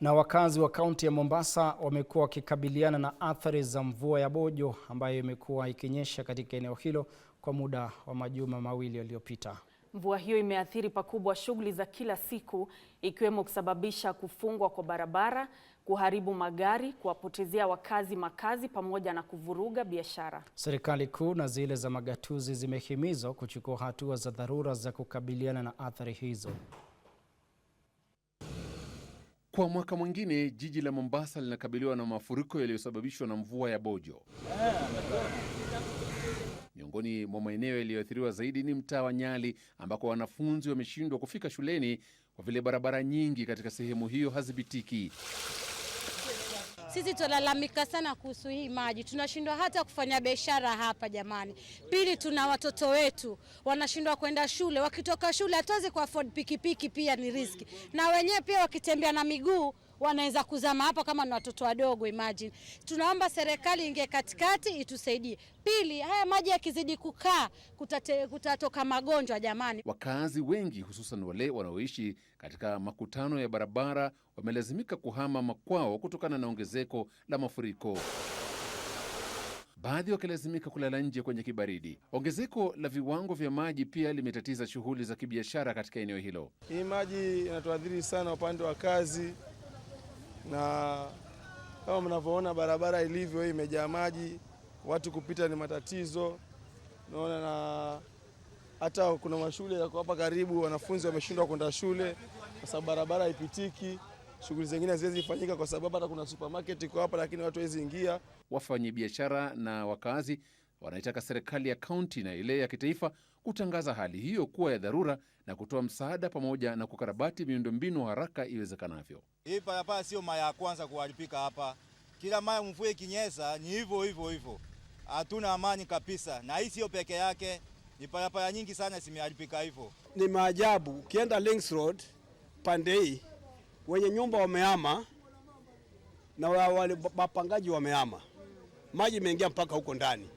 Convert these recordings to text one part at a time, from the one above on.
Na wakazi wa kaunti ya Mombasa wamekuwa wakikabiliana na athari za mvua ya bojo ambayo imekuwa ikinyesha katika eneo hilo kwa muda wa majuma mawili yaliyopita. Mvua hiyo imeathiri pakubwa shughuli za kila siku ikiwemo kusababisha kufungwa kwa barabara, kuharibu magari, kuwapotezea wakazi makazi pamoja na kuvuruga biashara. Serikali kuu na zile za magatuzi zimehimizwa kuchukua hatua za dharura za kukabiliana na athari hizo. Kwa mwaka mwingine jiji la Mombasa linakabiliwa na mafuriko yaliyosababishwa na mvua ya bojo. Miongoni mwa maeneo yaliyoathiriwa zaidi ni mtaa wa Nyali ambako wanafunzi wameshindwa kufika shuleni kwa vile barabara nyingi katika sehemu hiyo hazipitiki. Sisi tunalalamika sana kuhusu hii maji, tunashindwa hata kufanya biashara hapa jamani. Pili, tuna watoto wetu wanashindwa kwenda shule, wakitoka shule hatuwezi kuafford pikipiki, pia ni riski, na wenyewe pia wakitembea na miguu wanaweza kuzama hapa kama ni watoto wadogo, imagine. Tunaomba serikali inge katikati itusaidie. Pili, haya maji yakizidi kukaa kutate, kutatoka magonjwa jamani. Wakazi wengi hususan wale wanaoishi katika makutano ya barabara wamelazimika kuhama makwao kutokana na ongezeko la mafuriko baadhi wakilazimika kulala nje kwenye kibaridi. Ongezeko la viwango vya maji pia limetatiza shughuli za kibiashara katika eneo hilo. Hii maji inatuadhiri sana upande wa kazi, na kama mnavyoona barabara ilivyo hii imejaa maji, watu kupita ni matatizo. Naona na hata kuna mashule yako hapa karibu, wanafunzi wameshindwa kwenda shule kwa sababu barabara haipitiki. Shughuli zingine haziwezi fanyika kwa sababu hata kuna supermarket iko hapa, lakini watu hawezi ingia. Wafanyabiashara na wakazi wanaitaka serikali ya kaunti na ile ya kitaifa kutangaza hali hiyo kuwa ya dharura na kutoa msaada pamoja na kukarabati miundombinu haraka iwezekanavyo. Hii barabara sio mara ya kwanza kuharibika hapa, kila mara mvua ikinyesha ni hivyo hivyo hivyo, hatuna amani kabisa. Na hii siyo peke yake, ni barabara nyingi sana zimeharibika hivyo. Ni maajabu. Ukienda Links Road pande hii, wenye nyumba wameama na wapangaji wameama maji imeingia mpaka huko ndani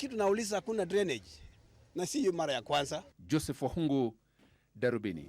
kitu nauliza, hakuna drainage na si hiyo mara ya kwanza. Joseph Wahungu, Darubini.